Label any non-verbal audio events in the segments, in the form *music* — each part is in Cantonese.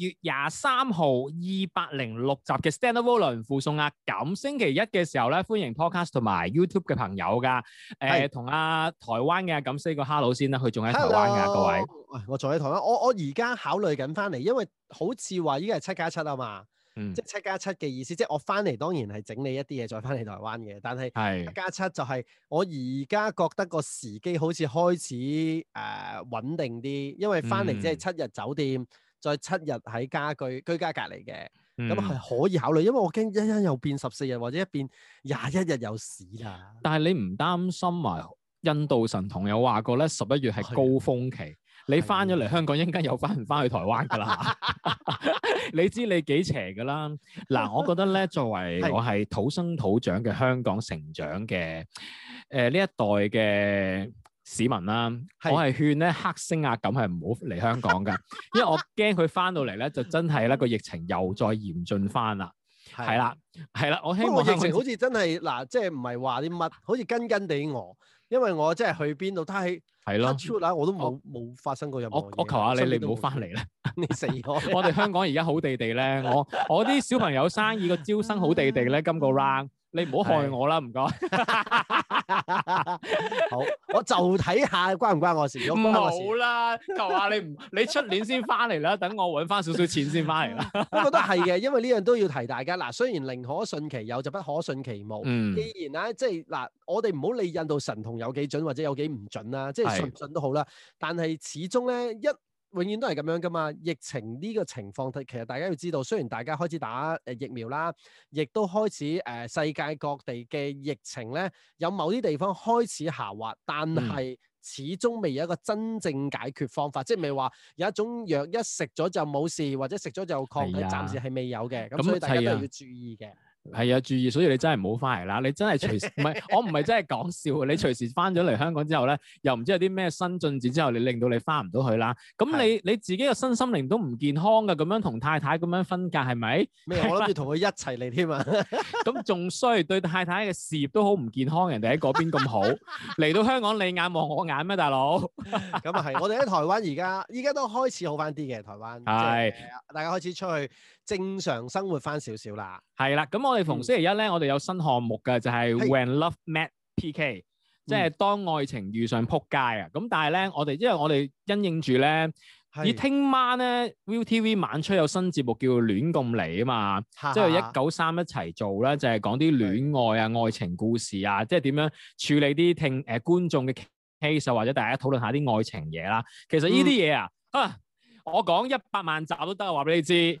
月廿三號二百零六集嘅 Stand of Valor 附送啊！咁星期一嘅時候咧，歡迎 Podcast 同埋 YouTube 嘅朋友噶。誒是，同、呃、啊台灣嘅咁 say 個 hello 先啦。佢仲喺台灣噶、啊，Hello 各位。我仲喺台灣。我我而家考慮緊翻嚟，因為好似話依家係七加七啊嘛。嗯、即係七加七嘅意思，即係我翻嚟當然係整理一啲嘢再翻嚟台灣嘅。但係七加七就係我而家覺得個時機好似開始誒、呃、穩定啲，因為翻嚟即係七日酒店。嗯再七日喺家居居家隔離嘅，咁係可以考慮，因為我驚一間又變十四日，或者一變廿一日有屎啦。但係你唔擔心埋印度神童有話過咧，十一月係高峰期，的你翻咗嚟香港一陣間又翻唔翻去台灣㗎啦？ *laughs* *laughs* 你知你幾邪㗎啦？嗱、啊，我覺得咧，作為我係土生土長嘅香港成長嘅，誒、呃、呢一代嘅。市民啦，我係勸咧黑星呀，噉係唔好嚟香港㗎，因為我驚佢翻到嚟咧就真係咧個疫情又再嚴峻翻啦。係啦，係啦，我希望個疫情好似真係嗱，即係唔係話啲乜，好似根根地我，因為我即係去邊度，睇係咯 s 我都冇冇發生過任何嘢。我我求下你，你唔好翻嚟啦，你死我！我哋香港而家好地地咧，我我啲小朋友生意個招生好地地咧，今個 round。你唔好害我啦，唔該。好，我就睇下關唔關我事。咁好啦，就話你唔 *laughs* 你出年先翻嚟啦，等我搵翻少，少少錢先翻嚟啦。 *laughs* 我覺得係嘅，因為呢樣都要提大家。嗱，雖然寧可信其有就不可信其無，嗯，既然咧，即係嗱，我哋唔好理印度神童有幾準或者有幾唔準啦，即係信唔信都好啦。但係始終咧一。永遠都係咁樣噶嘛，疫情呢個情況，其實大家要知道，雖然大家開始打誒、呃、疫苗啦，亦都開始誒、呃、世界各地嘅疫情咧，有某啲地方開始下滑，但係始終未有一個真正解決方法，嗯、即係咪話有一種藥一食咗就冇事，或者食咗就抗體暫時係未有嘅，咁、啊、所以大家都要注意嘅。嗯係啊，注意，所以你真係唔好返嚟啦！你真係隨時，唔係 *laughs* 我唔係真係講笑，你隨時返咗嚟香港之後咧，又唔知有啲咩新進展，之後令你令到你返唔到去啦。咁你的你自己嘅身心靈都唔健康噶，咁樣同太太咁樣分隔係咪？咩？我諗住同佢一齊嚟添啊！咁仲衰，對太太嘅事業都好唔健康，人哋喺嗰邊咁好，嚟 *laughs* 到香港你眼望我眼咩，大佬？咁啊係，我哋喺台灣而家，依家都開始好翻啲嘅台灣，係的、就是、大家開始出去正常生活翻少少啦。係啦，咁我哋。嗯、逢星期一咧，我哋有新項目嘅，就係、是、When Love Met PK，是即係當愛情遇上撲街啊！咁、嗯、但係咧，我哋因為我哋因應住咧，是以聽晚咧，ViuTV 晚出有新節目叫做《亂咁嚟啊嘛，哈哈，即係一九三一齊做啦，就係、是、講啲戀愛啊、是愛情故事啊，即係點樣處理啲聽誒、呃、觀眾嘅 case，或者大家討論一下啲愛情嘢啦。其實呢啲嘢啊，我講一百萬集都得，話俾你知。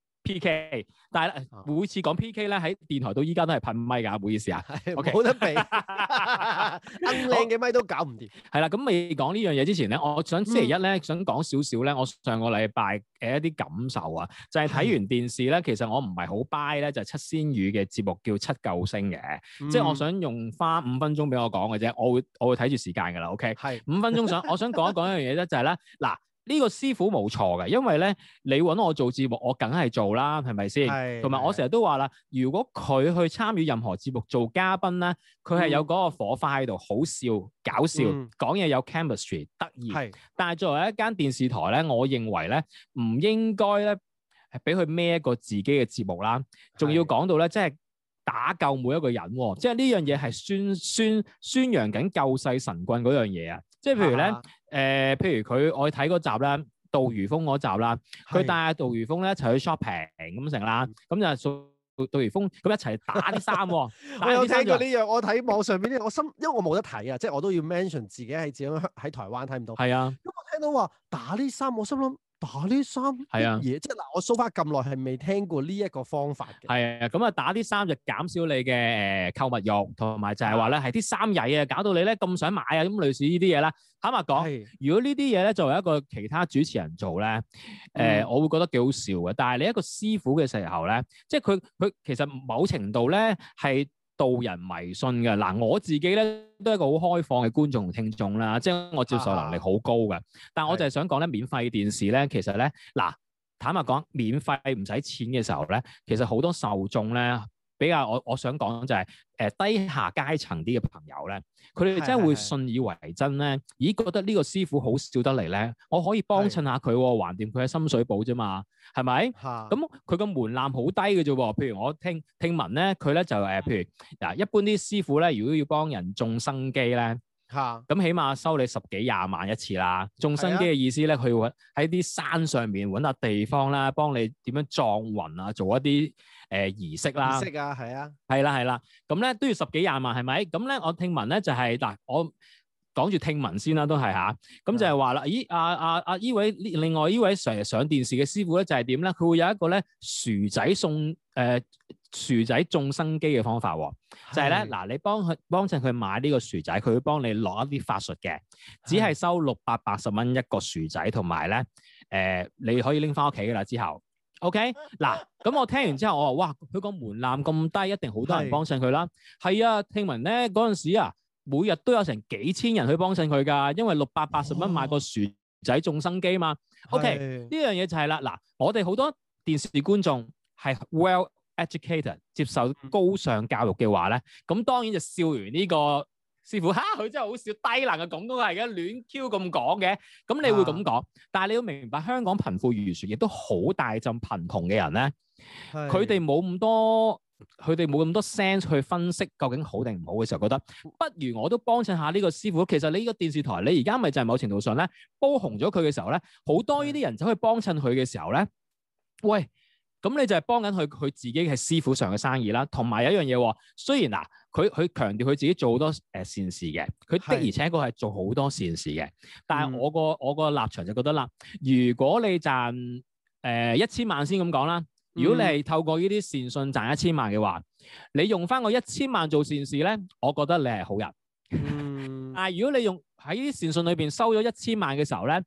P.K. 但係咧，每次講 P.K. 咧，喺電台到依家都係噴咪噶唔好意思啊，冇 *laughs* Okay, 得避，咁靚嘅咪都搞唔掂。係啦，咁未講呢樣嘢之前咧，我想星期一咧，想講少少咧，我上個禮拜嘅一啲感受啊，就係、是、睇完電視咧，是其實我唔係好 buy 咧，就七仙羽嘅節目叫七救星嘅。嗯、即係我想用花五分鐘俾我講嘅啫，我會我會睇住時間噶啦，OK，係是五分鐘想我想講一講一樣嘢咧，就係咧嗱。呢個師傅冇錯嘅，因為咧你揾我做節目，我梗係做啦，係咪先？係是。同埋我成日都話啦，如果佢去參與任何節目做嘉賓咧，佢係有嗰個火花喺度，好笑、搞笑、講嘢、嗯、有 chemistry、得意是。係。但係作為一間電視台咧，我認為咧唔應該咧係俾佢孭一個自己嘅節目啦，仲要講到咧，即係打救每一個人、啊，是即係呢樣嘢係宣宣宣揚緊救世神棍嗰樣嘢啊！即係譬如咧。誒、呃，譬如佢我睇嗰集啦，杜如風嗰集啦，佢的帶阿杜如峰杜如風咧一齊去 shopping 咁成啦，咁、嗯、就係杜如風、哦，咁一齊打啲衫喎。我有聽過呢樣，我睇網上邊啲，我心因為我冇得睇啊，即係我都要 mention 自己係自己喺台灣睇唔到。係啊的，咁我聽到話打啲衫，我心諗。打啲衫係啊，嘢，即係嗱，我 so far 咁耐係未聽過呢一個方法嘅。係啊，咁啊打啲衫就減少你嘅誒購物慾，同埋就係話咧係啲衫曳啊，搞到你咧咁想買啊，咁類似呢啲嘢啦。坦白講，如果呢啲嘢咧作為一個其他主持人做咧，誒我會覺得幾好笑嘅。但係你一個師傅嘅時候咧，即係佢佢其實某程度咧係。做人迷信嘅嗱，我自己咧都係一個好開放嘅觀眾同聽眾啦，即係我接受能力好高嘅。啊、但我就係想講咧，免費電視咧，其實咧嗱，坦白講，免費唔使錢嘅時候咧，其實好多受眾咧。比較我我想講就係、是、誒、呃、低下階層啲嘅朋友咧，佢哋真係會信以為真咧，是是是咦覺得呢個師傅好笑得嚟咧，我可以幫襯下佢，橫掂佢喺深水埗啫嘛，係咪？咁佢個門檻好低嘅啫，譬如我聽聽聞咧，佢咧就誒，譬如嗱一般啲師傅咧，如果要幫人種生基咧。嚇，咁、嗯嗯、起碼收你十幾廿萬一次啦。種生基嘅意思咧，佢會喺啲山上面揾下地方啦，幫你點樣撞雲啊，做一啲誒、呃、儀式啦。儀式啊，係啊。係啦、啊，係啦、啊。咁咧、啊、都要十幾廿萬，係咪？咁咧，我聽聞咧就係、是、嗱、啊，我講住聽聞先啦，都係吓、啊。咁就係話啦，啊、咦，阿阿阿呢位另外呢位成日上，上電視嘅師傅咧，就係點咧？佢會有一個咧薯仔送誒。薯仔種生機嘅方法喎、啊，就係、是、咧，嗱是你幫佢幫襯佢買呢個薯仔，佢會幫你攞一啲法術嘅，只係收六百八十蚊一個薯仔，同埋咧，誒、呃、你可以拎返屋企噶啦，之後，OK，嗱咁我聽完之後，我話哇，佢個門檻咁低，一定好多人幫襯佢啦，係是啊，聽聞咧嗰陣時啊，每日都有成幾千人去幫襯佢噶，因為六百八十蚊買個薯仔種生機啊嘛，OK，呢樣嘢就係啦，嗱我哋好多電視觀眾係 well，educator 接受高尚教育嘅話咧，咁當然就笑完呢個師傅吓，佢真係好笑低能嘅廣東人嘅亂 Q 咁講嘅，咁你會咁講，啊、但係你要明白香港貧富懸殊，亦都好大陣貧窮嘅人咧，佢哋冇咁多，佢哋冇咁多 sense 去分析究竟好定唔好嘅時候，覺得不如我都幫襯下呢個師傅。其實你呢個電視台，你而家咪就係某程度上咧，煲紅咗佢嘅時候咧，好多呢啲人走去幫襯佢嘅時候咧，喂。咁你就係幫緊佢佢自己係師傅上嘅生意啦，同埋有一樣嘢、哦，雖然嗱佢佢強調佢自己做好多誒善事嘅，佢的而且確係做好多善事嘅，的但係我個我個立場就覺得啦，如果你賺誒一千萬先咁講啦，如果你係透過呢啲善信賺一千萬嘅話，你用翻個一千萬做善事咧，我覺得你係好人。嗯。 *laughs* 但係如果你用喺呢啲善信裏邊收咗一千萬嘅時候咧，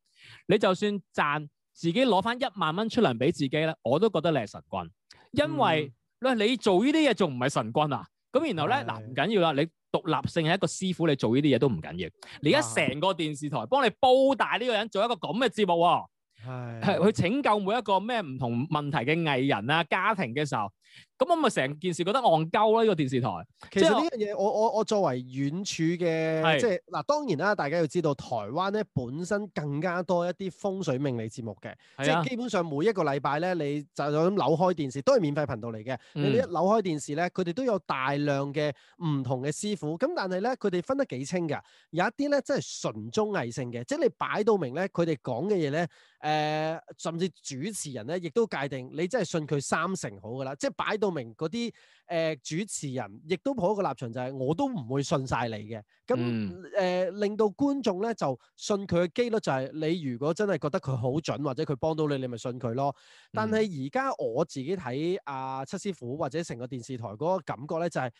你就算賺。自己攞翻一萬蚊出糧俾自己咧，我都覺得你係神棍，因為你做呢啲嘢仲唔係神棍啊？咁然後咧，嗱唔緊要啦，你獨立性係一個師傅，你做呢啲嘢都唔緊要。你而家成個電視台幫你煲大呢個人，做一個咁嘅節目、哦，係的去拯救每一個咩唔同問題嘅藝人啊、家庭嘅時候。咁我咪成件事覺得戇鳩啦呢個電視台。其實呢樣嘢，我我我作為遠處嘅，是即係嗱當然啦，大家要知道台灣咧本身更加多一啲風水命理節目嘅，啊、即係基本上每一個禮拜咧，你就咁扭開電視都係免費頻道嚟嘅。嗯、你一扭開電視咧，佢哋都有大量嘅唔同嘅師傅。咁但係咧，佢哋分得幾清㗎，有一啲咧真係純綜藝性嘅，即係你擺到明咧，佢哋講嘅嘢咧，誒甚至主持人咧亦都界定你真係信佢三成好噶啦，即係擺到明嗰啲誒主持人，亦都抱一個立場、就是，就係我都唔會信晒你嘅。咁誒、嗯呃、令到觀眾咧，就信佢嘅機率就係、是、你如果真係覺得佢好準，或者佢幫到你，你咪信佢咯。但係而家我自己睇阿、呃、七師傅或者成個電視台嗰個感覺咧，就係、是。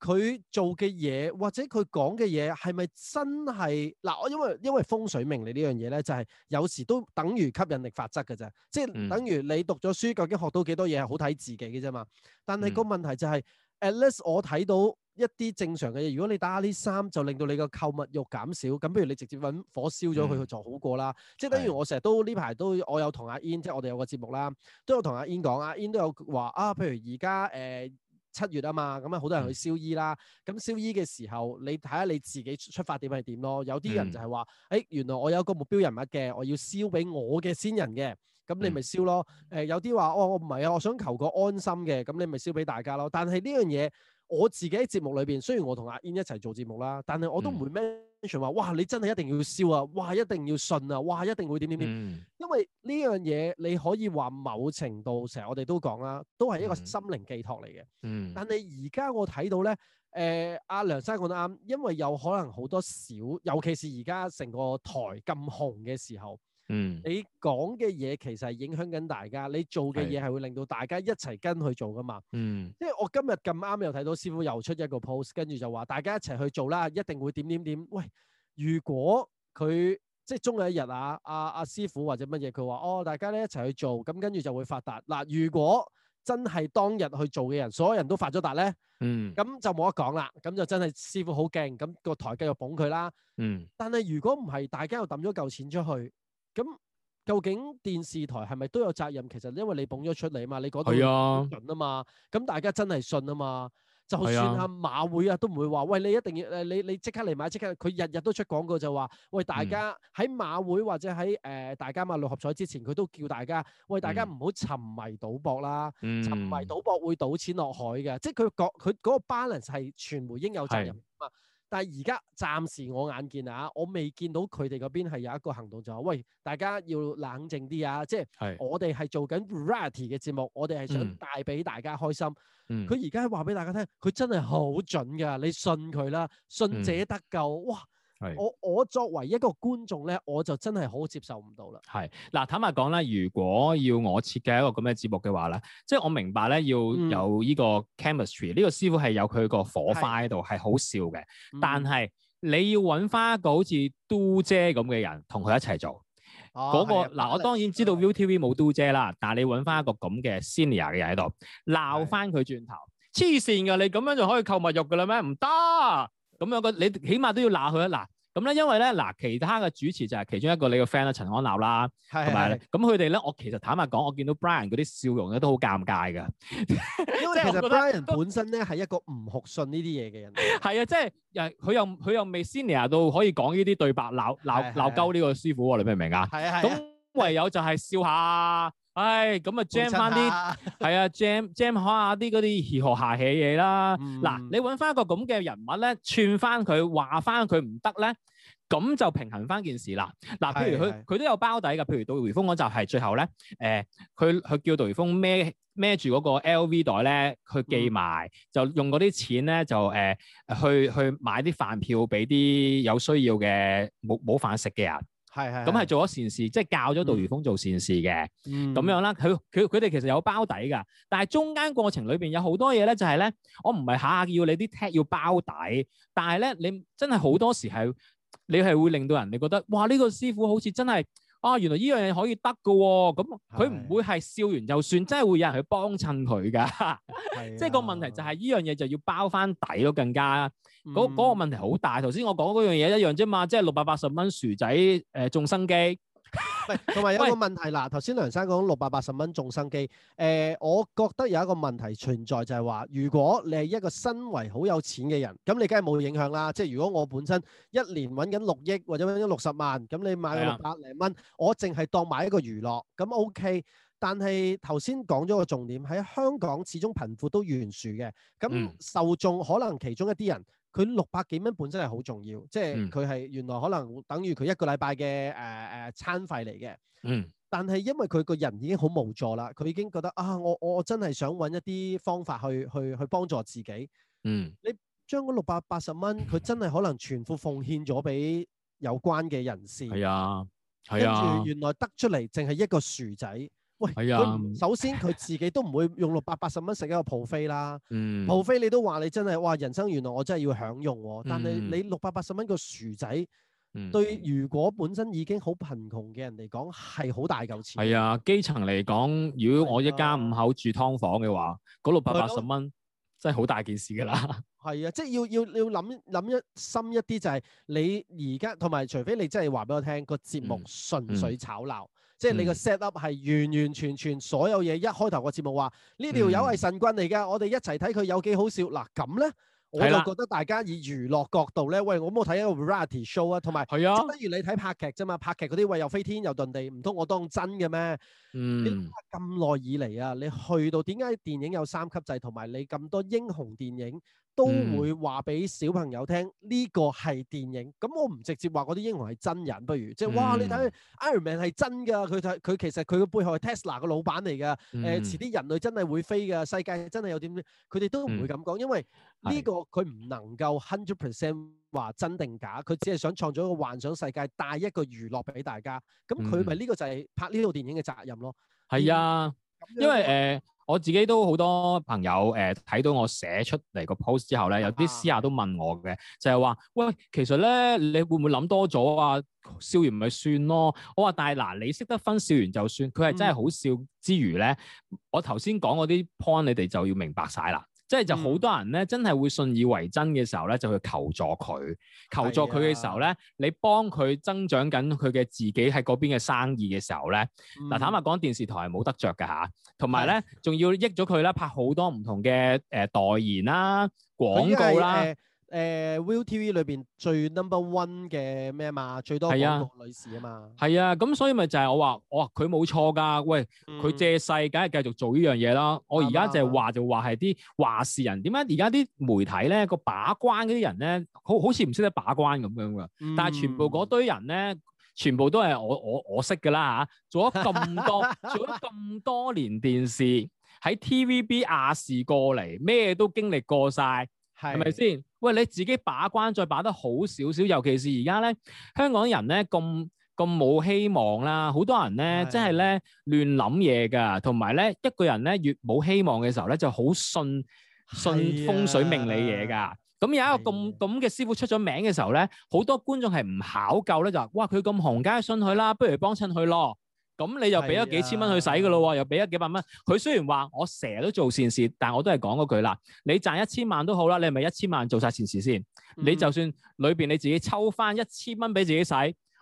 佢做嘅嘢或者佢講嘅嘢係咪真係嗱？我因為因為風水命理呢樣嘢咧，就係、是、有時都等於吸引力法則嘅啫，即係等於你讀咗書究竟學到幾多嘢係好睇自己嘅啫嘛。但係個問題就係、是嗯，at least 我睇到一啲正常嘅嘢。如果你打下呢三，就令到你個購物欲減少，咁不如你直接揾火燒咗佢就好過啦。嗯、即係等於我成日都呢排都有我有同阿 Ian 即係我哋有個節目啦，都有同阿 Ian 講，阿 Ian 都有話啊。譬如而家誒。呃呃呃呃呃呃呃七月啊嘛，咁啊好多人去燒衣啦。咁燒衣嘅時候，你睇下你自己出發點係點咯。有啲人就係話：，誒、嗯欸、原來我有個目標人物嘅，我要燒俾我嘅先人嘅，咁你咪燒咯。誒、嗯呃、有啲話：，哦我唔係啊，我想求個安心嘅，咁你咪燒俾大家咯。但係呢樣嘢。我自己喺節目裏邊，雖然我同阿 Ian 一齊做節目啦，但係我都唔會 mention 話：嗯、哇，你真係一定要燒啊，哇，一定要信啊，哇，一定會點點點。嗯、因為呢樣嘢，你可以話某程度成日我哋都講啦，都係一個心靈寄託嚟嘅。嗯。但係而家我睇到咧，誒、呃，阿梁生講得啱，因為有可能好多小，尤其是而家成個台咁紅嘅時候。嗯，你講嘅嘢其實係影響緊大家，你做嘅嘢係會令到大家一齊跟去做噶嘛？嗯，因為我今日咁啱又睇到師傅又出一個 post，跟住就話大家一齊去做啦，一定會點點點。喂，如果佢即係終有一日啊，阿、啊、阿、啊、師傅或者乜嘢，佢話哦，大家咧一齊去做，咁跟住就會發達。嗱、啊，如果真係當日去做嘅人，所有人都發咗達咧，嗯，咁就冇得講、那個、啦。咁就真係師傅好勁，咁個台繼續捧佢啦。嗯，但係如果唔係，大家又抌咗嚿錢出去。咁、嗯、究竟電視台係咪都有責任？其實因為你捧咗出嚟啊嘛，你嗰度啊嘛，咁是、啊嗯、大家真係信啊嘛，就算啊馬會啊都唔會話，喂，你一定要誒你你即刻嚟買刻，即刻佢日日都出廣告就話，喂，大家喺馬會或者喺誒、呃、大家買六合彩之前，佢都叫大家，喂，大家唔好沉迷賭博啦，嗯、沉迷賭博會賭錢落海嘅，即係佢覺佢嗰個 balance 係傳媒應有責任啊嘛。但係而家暫時我眼見啊，我未見到佢哋嗰邊係有一個行動就話，喂大家要冷靜啲啊！即係是我哋係做緊 variety 嘅節目，我哋係想帶俾大家開心。佢而家話俾大家聽，佢真係好準㗎，你信佢啦，信者得救。嗯、哇！我我作為一個觀眾咧，我就真係好接受唔到啦。係嗱，坦白講啦，如果要我設計一個咁嘅節目嘅話咧，即係我明白咧要有呢個 chemistry、嗯。呢個師傅係有佢個火花喺度，係是好笑嘅。嗯、但係你要揾翻一個好似嘟姐咁嘅人同佢一齊做嗰、啊嗰個嗱、啊，我當然知道 ViuTV 冇嘟姐啦，的但係你揾翻一個咁嘅 senior 嘅人喺度鬧翻佢轉頭，黐線㗎！你咁樣就可以購物慾㗎啦咩？唔得。咁樣嘅你起碼都要鬧佢啊！嗱，咁咧，因為咧，嗱，其他嘅主持就係其中一個你嘅 friend 啦，陳安立啦，係係同埋。咁佢哋咧，我其實坦白講，我見到 Brian 嗰啲笑容咧都好尷尬嘅，因為其實 Brian 本身咧係一個唔學信呢啲嘢嘅人。係啊，即係誒，佢又佢又未 senior 到可以講呢啲對白鬧鬧鬧鳩呢個師傅喎？你明唔明啊？係啊係。咁唯有就係笑下。唉，咁、嗯、啊 jam 翻啲，係啊 jam jam 下啲嗰啲如何下戲嘢啦。嗱、嗯，你揾翻一個咁嘅人物咧，串翻佢，話翻佢唔得咧，咁就平衡翻件事啦。嗱，譬如佢佢、嗯、都有包底嘅，譬如杜如峰嗰集係最後咧，誒、呃，佢佢叫杜如峰孭孭住嗰個 LV 袋咧，佢寄埋、嗯，就用嗰啲錢咧就誒去去，去買啲飯票俾啲有需要嘅冇冇飯食嘅人。係係，咁係做咗善事，嗯、即係教咗杜如風做善事嘅，咁、嗯、樣啦。佢佢佢哋其實有包底㗎，但係中間過程裏邊有好多嘢咧，就係咧，我唔係下下要你啲 t 踢要包底，但係咧，你真係好多時係你係會令到人哋覺得，哇！呢、呢個師傅好似真係。啊，原來呢樣嘢可以得嘅喎，咁佢唔會係笑完就算，的真係會有人去幫襯佢㗎， *laughs* 的即係個問題就係呢樣嘢就要包返底咯，更加嗰嗰、嗯、個問題好大。頭先我講嗰樣嘢一樣啫嘛，即係六百八十蚊薯仔誒、呃、種生機。同埋 *laughs* 有一個問題啦。頭先梁生講六百八十蚊中生機，誒、呃，我覺得有一個問題存在，就係話，如果你係一個身為好有錢嘅人，咁你梗係冇影響啦。即係如果我本身一年揾緊六億或者揾緊六十萬，咁你買六百零蚊，啊、我淨係當買一個娛樂，咁 OK。但係頭先講咗個重點，喺香港始終貧富都懸殊嘅，咁受眾可能其中一啲人。嗯佢六百幾蚊本身係好重要，即係佢係原來可能等於佢一個禮拜嘅誒誒餐費嚟嘅。嗯，但係因為佢個人已經好無助啦，佢已經覺得啊，我我真係想搵一啲方法去去去幫助自己。嗯，你將嗰六百八十蚊，佢真係可能全副奉獻咗俾有關嘅人士。係啊，係啊，跟住原來得出嚟淨係一個薯仔。喂，係啊！首先佢自己都唔會用六百八十蚊食一個 b u 啦。b u f 你都話你真係哇，人生原來我真係要享用喎。但係你六百八十蚊個薯仔，對如果本身已經好貧窮嘅人嚟講，係好大嚿錢。係啊，基層嚟講，如果我一家五口住劏房嘅話，嗰六百八十蚊真係好大件事㗎啦。係啊，即係要要要諗諗一深一啲，就係你而家同埋，除非你真係話俾我聽個節目純粹炒鬧。即係你個 set up 係完完全全所有嘢一開頭個節目話呢條友係神棍嚟㗎，嗯、我哋一齊睇佢有幾好笑嗱咁咧，我就覺得大家以娛樂角度咧，喂，我冇睇一個 variety show 啊？同埋，係啊，不如你睇拍劇啫嘛，拍劇嗰啲喂又飛天又遁地，唔通我當真嘅咩？嗯，咁耐以嚟啊，你去到點解電影有三級制，同埋你咁多英雄電影？都會話俾小朋友聽呢、嗯、個係電影，咁我唔直接話嗰啲英雄係真人，不如即係、嗯、哇！你睇 Iron Man 係真㗎，佢睇佢其實佢個背後係 Tesla 個老闆嚟㗎。誒、嗯呃，遲啲人類真係會飛㗎，世界真係有點。佢哋都唔會咁講，嗯、因為呢個佢唔能夠 hundred percent 話真定假，佢的只係想創造一個幻想世界，帶一個娛樂俾大家。咁佢咪呢個就係拍呢套電影嘅責任咯。係啊的、嗯，因為誒。呃我自己都好多朋友誒睇、呃、到我寫出嚟個 post 之後咧，有啲私下都問我嘅，就係、是、話：喂，其實咧，你會唔會諗多咗啊？笑完咪算咯。我話：但係嗱，你識得分笑完就算，佢係真係好笑之餘咧，我頭先講嗰啲 point 你哋就要明白晒啦。即係就好多人咧，嗯、真係會信以為真嘅時候咧，就去求助佢。求助佢嘅時候咧，啊、你幫佢增長緊佢嘅自己喺嗰邊嘅生意嘅時候咧，嗱、嗯、坦白講，電視台係冇得着㗎吓，同埋咧，仲要益咗佢啦，拍好多唔同嘅誒、呃、代言啦、啊、廣告啦、啊。誒 Viu、呃、TV 裏邊最 number one 嘅咩嘛，最多廣告、啊、女士啊嘛，係啊，咁所以咪就係我話，哇，佢冇錯噶，喂，佢、嗯、借勢，梗係繼續做呢樣嘢啦。我而家就係話就話係啲話事人，點解而家啲媒體咧個把關嗰啲人咧，好好似唔識得把關咁樣噶，嗯、但係全部嗰堆人咧，全部都係我我我識噶啦嚇，做咗咁多， *laughs* 做咗咁多年電視，喺 TVB 亞視過嚟，咩都經歷過晒。係咪先？喂，你自己把關再把得好少少，尤其是而家咧，香港人咧咁咁冇希望啦，好多人咧即係咧亂諗嘢噶，同埋咧一個人咧越冇希望嘅時候咧就好信信風水命理嘢噶。咁的有一個咁咁嘅師傅出咗名嘅時候咧，好多觀眾係唔考究咧就話：哇，佢咁紅，梗係信佢啦，不如幫襯佢咯。咁你就俾咗幾千蚊去使嘅咯喎，又俾咗幾百蚊。佢雖然話我成日都做善事，但我都係講嗰句啦。你賺一千萬都好啦，你係咪一千萬做晒善事先？你就算裏邊你自己抽翻一千蚊俾自己使，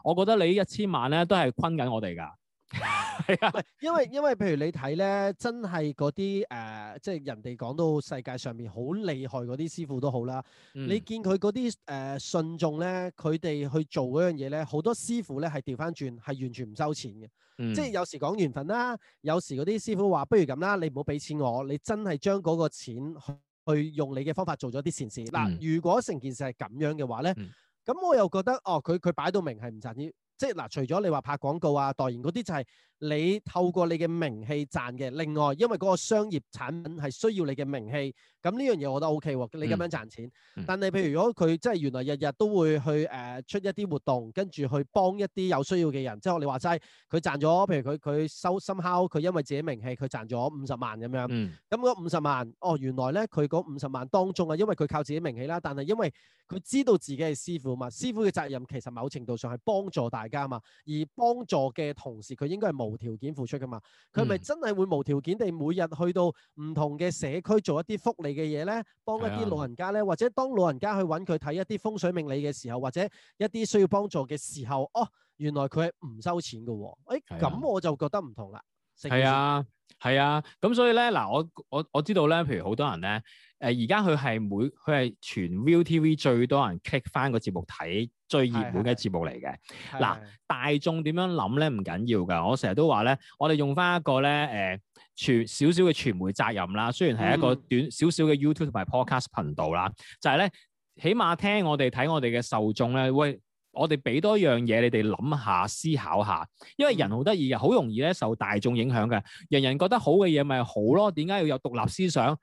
我覺得你呢一千萬咧都係坤緊我哋噶。係 *laughs* 是啊，因為因為譬如你睇咧，真係嗰啲誒，即係人哋講到世界上面好厲害嗰啲師傅都好啦。嗯、你見佢嗰啲誒信眾咧，佢哋去做嗰樣嘢咧，好多師傅咧係調翻轉，係完全唔收錢嘅。嗯、即係有時講緣分啦，有時嗰啲師傅話不如咁啦，你唔好俾錢我，你真係將嗰個錢去，去用你嘅方法做咗啲善事。嗱、嗯呃，如果成件事係咁樣嘅話咧，咁、嗯嗯、我又覺得哦，佢佢擺到明係唔賺錢。即係嗱，除咗你話拍廣告啊、代言嗰啲就係、是。你透過你嘅名氣賺嘅，另外因為嗰個商業產品係需要你嘅名氣，咁呢樣嘢我覺得 OK 喎，你咁樣賺錢。嗯嗯、但係譬如如果佢即係原來日日都會去誒、呃、出一啲活動，跟住去幫一啲有需要嘅人，即係我你話齋，佢賺咗，譬如佢佢收心烤，佢因為自己名氣，佢賺咗五十萬咁樣。咁嗰五十萬，哦，原來咧佢嗰五十萬當中啊，因為佢靠自己名氣啦，但係因為佢知道自己係師傅啊嘛，師傅嘅責任其實某程度上係幫助大家啊嘛，而幫助嘅同時佢應該係冇。無條件付出噶嘛？佢係咪真係會無條件地每日去到唔同嘅社區做一啲福利嘅嘢咧？幫一啲老人家咧，的或者當老人家去揾佢睇一啲風水命理嘅時候，或者一啲需要幫助嘅時候，哦，原來佢係唔收錢嘅喎、哦。咁、哎、的我就覺得唔同啦。係啊，係啊，咁所以咧，嗱，我我我知道咧，譬如好多人咧，誒、呃，而家佢係每佢係全 ViuTV 最多人 kick 翻個節目睇，最熱門嘅節目嚟嘅。嗱，大眾點樣諗咧唔緊要噶，我成日都話咧，我哋用翻一個咧，誒、呃，傳少少嘅傳媒責任啦，雖然係一個短少少嘅 YouTube 同埋 Podcast 頻道啦，就係、是、咧，起碼聽我哋睇我哋嘅受眾咧會。喂我哋俾多一樣嘢你哋諗下思考下，因為人好得意嘅，好容易咧受大眾影響嘅。人人覺得好嘅嘢咪好咯？點解要有獨立思想？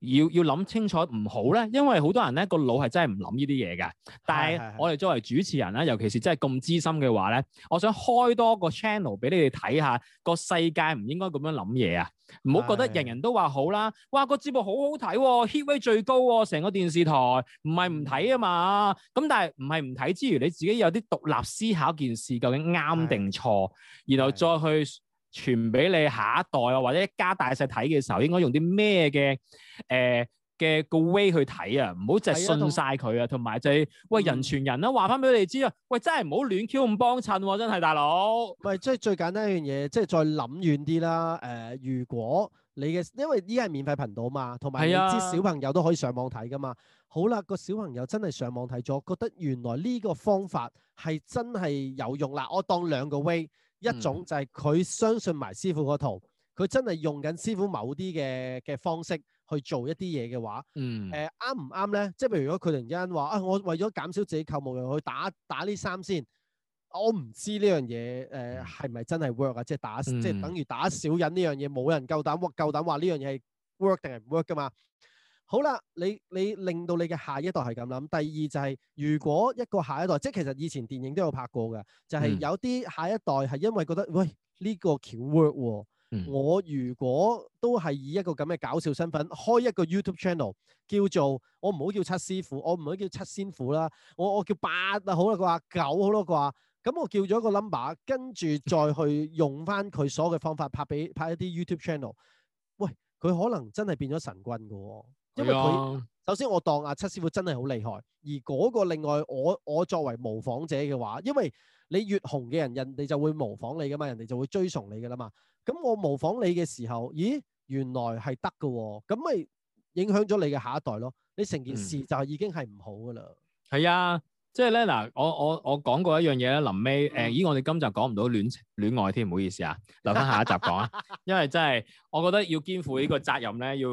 要要諗清楚唔好咧？因為好多人咧個腦係真係唔諗呢啲嘢嘅。但係我哋作為主持人咧，尤其是真係咁資深嘅話咧，我想開多個 channel 俾你哋睇下個世界唔應該咁樣諗嘢啊！唔好覺得人人都話好啦，哇，個節目好好睇喎，hit rate 最高喎，哦，成個電視台唔係唔睇啊嘛，咁但係唔係唔睇之餘，你自己有啲獨立思考，件事究竟啱定錯， *music* 然後再去傳俾你下一代啊，或者一家大細睇嘅時候，應該用啲咩嘅誒？呃嘅個 way 去睇啊，唔好淨係信晒佢啊，同埋就係喂人傳人啊，話翻俾你哋知啊，喂，真係唔好亂 Q 咁幫襯喎，真係大佬。喂，即係、唔係、最簡單一樣嘢，即、就、係、是、再諗遠啲啦。誒、呃，如果你嘅因為依家係免費頻道啊嘛，同埋你知小朋友都可以上網睇噶嘛。的好啦，個小朋友真係上網睇咗，覺得原來呢個方法係真係有用嗱。我當兩個 way，一種就係佢相信埋師傅個圖，佢、嗯、真係用緊師傅某啲嘅嘅方式。去做一啲嘢嘅話，誒，啱唔啱咧？即係譬如如果佢突然之間話啊，我為咗減少自己購物，又去打打呢三先，我唔知呢樣嘢誒係咪真係 work 啊？即係打，嗯、即係等於打小人呢樣嘢，冇人夠膽話夠膽話呢樣嘢係 work 定係唔 work 噶嘛？好啦，你你令到你嘅下一代係咁諗。第二就係、是、如果一個下一代，即係其實以前電影都有拍過嘅，就係、是、有啲下一代係因為覺得、嗯、喂呢、呢個橋 work 喎。我如果都係以一個咁嘅搞笑身份開一個 YouTube channel，叫做我唔好叫七師傅，我唔好叫七仙傅啦，我我叫八啊好啦，佢話九、啊、好咯，佢話咁我叫咗個 number，跟住再去用翻佢所有嘅方法拍俾拍一啲 YouTube channel。喂，佢可能真係變咗神棍㗎喎，因為佢、啊、首先我當阿七師傅真係好厲害，而嗰個另外我我作為模仿者嘅話，因為你越紅嘅人，人哋就會模仿你噶嘛，人哋就會追崇你噶啦嘛。咁我模仿你嘅時候，咦，原來係得㗎，咁咪影響咗你嘅下一代咯。你成件事就已經係唔好㗎啦。係、嗯、啊，即係咧嗱，我我我講過一樣嘢咧，臨尾誒，咦，我哋今集講唔到戀戀愛添，唔好意思啊，留翻下，下一集講啊。 *laughs* 因為真係，我覺得要肩負呢個責任咧，要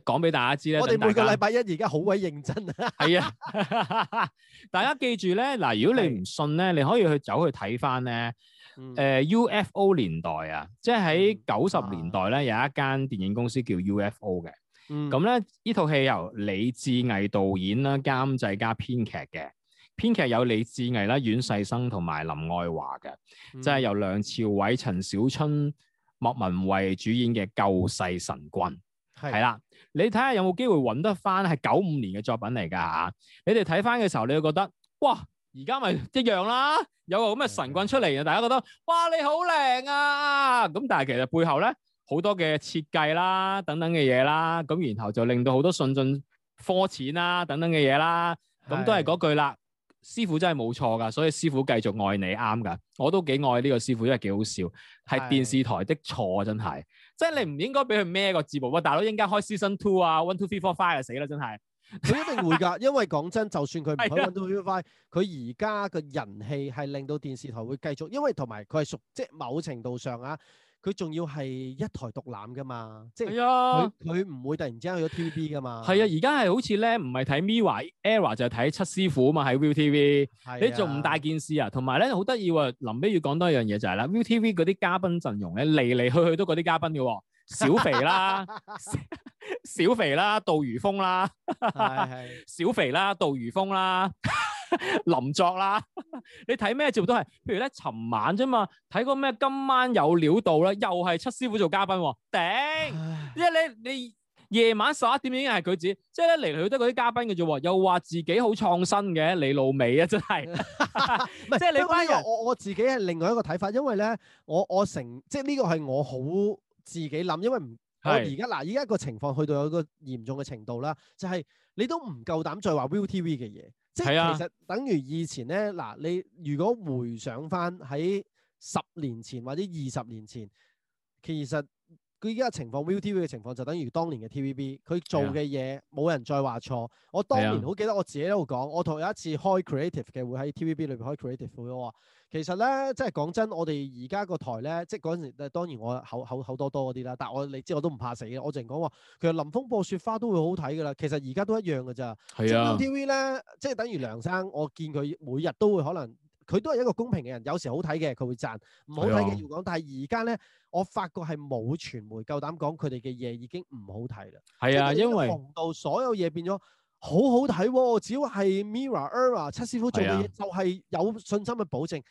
講俾 *laughs* 是大家知咧。我哋每個禮拜一而家好鬼認真啊。係、嗯、啊，大家記住咧，嗱，如果你唔信咧，你可以去走去睇翻咧。誒、uh, UFO 年代啊，即係喺九十年代咧，啊、有一間電影公司叫 UFO 嘅。咁咧、嗯，依套戲由李志毅導演啦、啊，監製加編劇嘅。編劇有李志毅啦、阮世生同埋林愛華嘅，即係、嗯、由梁朝偉、陳小春、莫文蔚主演嘅《救世神棍》。係啦是，你睇下有冇機會揾得翻係九五年嘅作品嚟㗎嚇？你哋睇翻嘅時候，你會覺得哇！而家咪一樣啦，有個咁嘅神棍出嚟，大家覺得哇，你好靚啊！咁但係其實背後咧，好多嘅設計啦，等等嘅嘢啦，咁然後就令到好多信進科錢啦，等等嘅嘢啦，咁是都係嗰句啦，師傅真係冇錯噶，所以師傅繼續愛你啱㗎，我都幾愛呢個師傅，因為幾好笑，係電視台的錯真係，是即係你唔應該俾佢孭個字幕、啊。大佬應該開 season two 啊，one two three four five 係死啦？真係。佢 *laughs* 一定會㗎，因為講真，就算佢唔開 WiFi，佢而家個人氣係令到電視台會繼續，因為同埋佢係屬即某程度上啊，佢仲要係一台獨攬㗎嘛，即係佢佢唔會突然之間去咗 TVB 㗎嘛。係啊，而家係好似咧，唔係睇 Mirror Era 就係睇七師傅啊嘛，喺 ViuTV 係你做唔大件事啊，同埋咧好得意喎，臨尾、啊、要講多一樣嘢就係、是、啦 ViuTV 嗰啲嘉賓陣容咧嚟嚟去去都嗰啲嘉賓嘅喎、啊，小肥啦。 *laughs* 小肥啦，杜如風啦，小肥啦，杜如風啦，林作啦，你睇咩節目都係，譬如咧，尋晚啫嘛，睇個咩今晚有料到啦，又係七師傅做嘉賓喎，頂，即係你你夜晚十一點已經係佢自己，即係咧嚟嚟去去都嗰啲嘉賓嘅啫，又話自己好創新嘅，你老味啊真係，即係你班人，我我自己係另外一個睇法，因為咧，我我成即係呢個係我好自己諗，因為唔。我而家嗱，而家個情況去到有個嚴重嘅程度啦，就係、是、你都唔夠膽再話 ViuTV 嘅嘢，即係其實等於以前咧。嗱，你如果回想返喺十年前或者二十年前，其實佢而家嘅情況，ViuTV 嘅情況就等於當年嘅 TVB，佢做嘅嘢冇人再話錯。我當年好是、啊、記得我自己喺度講，我同有一次開 creative 嘅會喺 TVB 裏邊開 creative 會啊。其實咧，即係講真，我哋而家個台咧，即係嗰陣時當然我口口口多多嗰啲啦，但係我你知我都唔怕死嘅。我淨講話，其實《林峰播雪花》都會好睇噶啦。其實而家都一樣㗎咋。ViuTV 咧，即係等於梁生，我見佢每日都會可能。佢都係一個公平嘅人，有時好睇嘅佢會讚，唔好睇嘅要講。啊、但係而家咧，我發覺係冇傳媒夠膽講佢哋嘅嘢已經唔好睇啦。係啊，因為紅到為所有嘢變咗好好睇喎。只要係 Mirror Era 七師傅做嘅嘢，就係有信心去保證。啊、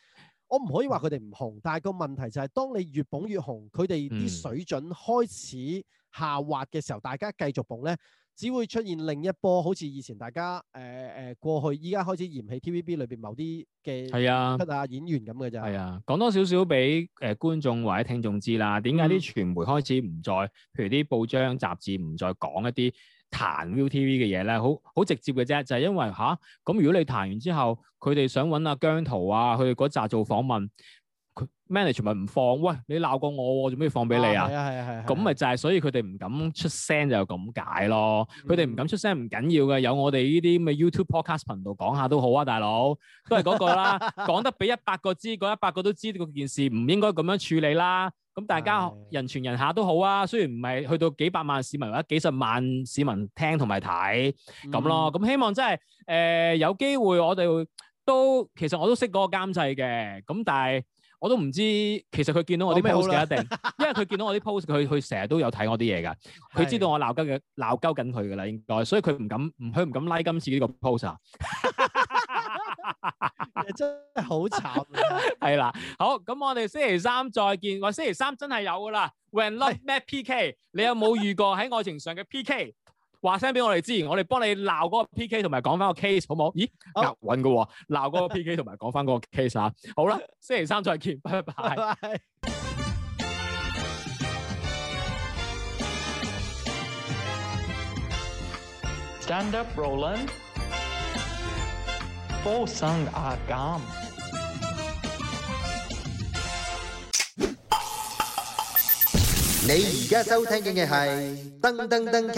我唔可以話佢哋唔紅，但係個問題就係當你越捧越紅，佢哋啲水準開始下滑嘅時候，嗯、大家繼續捧咧。只會出現另一波，好似以前大家誒誒、呃呃、過去，依家開始嫌棄 TVB 裏邊某啲嘅係啊演員咁嘅啫。係啊，講多少少俾誒觀眾或者聽眾知啦。點解啲傳媒開始唔再，譬如啲報章雜誌唔再講一啲彈 ViuTV 嘅嘢咧？好好直接嘅啫，就係、是、因為吓。咁、啊。如果你彈完之後，佢哋想揾阿姜濤啊，去嗰扎做訪問。manage 咪唔放，喂，你鬧過我，做咩要放俾你啊？係啊係啊係。咁咪、啊啊、就係、是，所以佢哋唔敢出聲就咁解咯。佢哋唔敢出聲唔緊要嘅，有我哋呢啲咩 YouTube podcast 頻道講下都好啊，大佬。都係嗰個啦，講 *laughs* 得俾一百個知，嗰一百個都知嗰件事唔應該咁樣處理啦。咁、嗯、大家人傳人下都好啊，雖然唔係去到幾百萬市民或者幾十萬市民聽同埋睇咁咯。咁、嗯、希望真係誒、呃、有機會我哋都其實我都識嗰個監製嘅，咁但係。我都唔知，其實佢見到我啲 post 嘅一定，因為佢見到我啲 post，佢佢成日都有睇我啲嘢噶，佢知道我鬧交嘅鬧交緊佢噶啦，應該，所以佢唔敢，唔佢唔敢拉今次呢個 post 啊， *laughs* *laughs* 真係好慘，啊，係 *laughs* 啦，好，咁、嗯、我哋星期三再見，我星期三真係有噶啦，When love met PK，是你有冇遇過喺愛情上嘅 PK？話聲俾我哋知，我哋幫你鬧嗰個 PK，同埋講翻個 case 好唔好？咦，夾韻㗎，鬧嗰個 PK，同埋講翻嗰個 case 吓。好啦，星期三再見，拜拜。Stand up, Roland。For some are gone。你而家收聽嘅係《燈登登 Cast》。